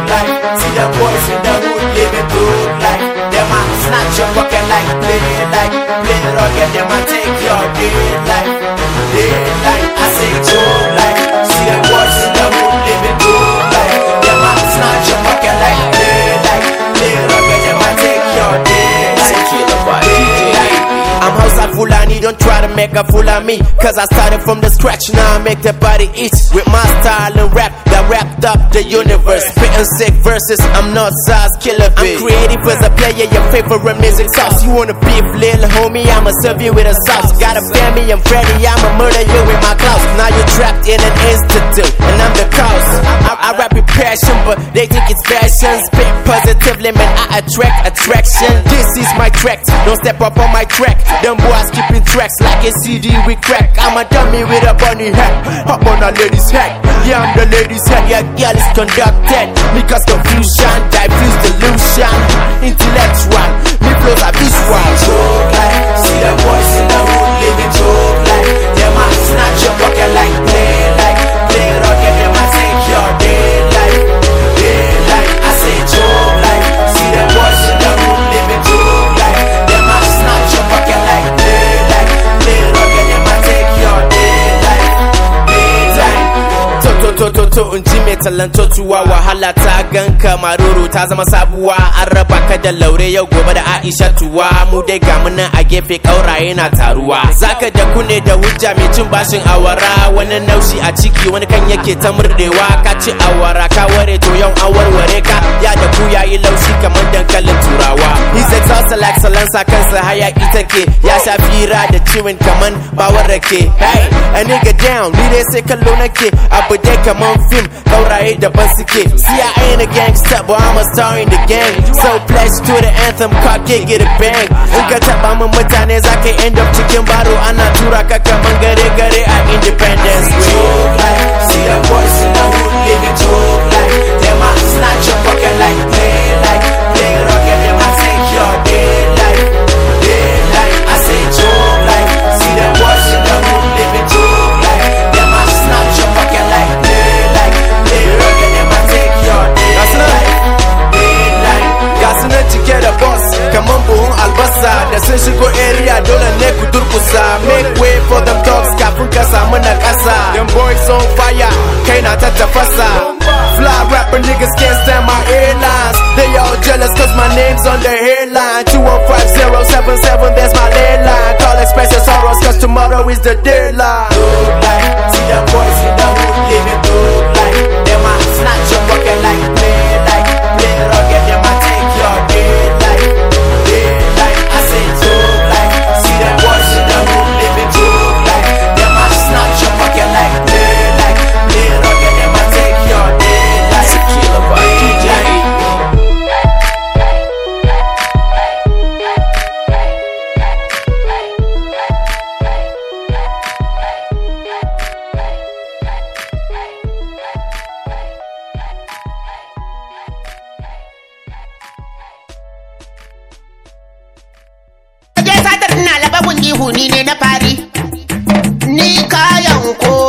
good life. See the boys in the hood living good life. Them a snatch your pocket like play like play rugged. Them a take your day life, day life. I say good life. See the boys in the hood living good life. Them a snatch your pocket like play like play rugged. Them a take your day life, I'm outside full I need, don't try to make a fool of me Cause I started from the scratch, now I make the body eat With my style and rap, wrapped up the universe. Spitting sick verses, I'm not size killer. Bitch. I'm creative as a player, your favorite music sauce. You wanna beef, little homie? I'ma serve you with a sauce. Got a family, I'm ready, I'ma murder you with my claws. Now you're trapped in an institute, and I'm the cause. I, I rap with passion, but they think it's fashion. Spit positively, man, I attract attraction. This is my track, don't step up on my track. Them boys keeping tracks like a CD we crack. I'm a dummy with a bunny hat, hop on a lady's hat. Damn, the ladies and your girl is conducted. Because confusion, diffuse delusion. Intellectual to, to, to in ji mai tallanto tuwa wahala ta ganka maruru ta zama sabuwa an raba ka da laure yau gobe da aisha tuwa mu dai ga muna a gefe kauraye na taruwa zaka da kune da hujja mai cin bashin awara wani naushi a ciki wani kan yake ta murdewa ka ci awara ka ware to yau an warware ka ya da ku yayi laushi kamar dankalin turawa he said salak like salansa kansa ita ke ya sha fira da ciwon kaman bawar rake hey a nigga down ni dai sai kallo nake abu dai kaman film the daban kid. See I ain't a gangster but I'm a star in the gang So pledge to the anthem car can't get a bang In ka taba I can zaka end up cikin baro ana tura ka kaman gare gare I independence da sun area dole ne ku durkusa make way for them dogs kafin ka them boys on fire kai Tatafasa. fly rapper niggas can't stand my headlines they all jealous cause my name's on the headline 21577 that's my landline call express your sorrows cause tomorrow is the deadline Good night, see that boys in the hood living ihu ni ne na fari ni kayan kowa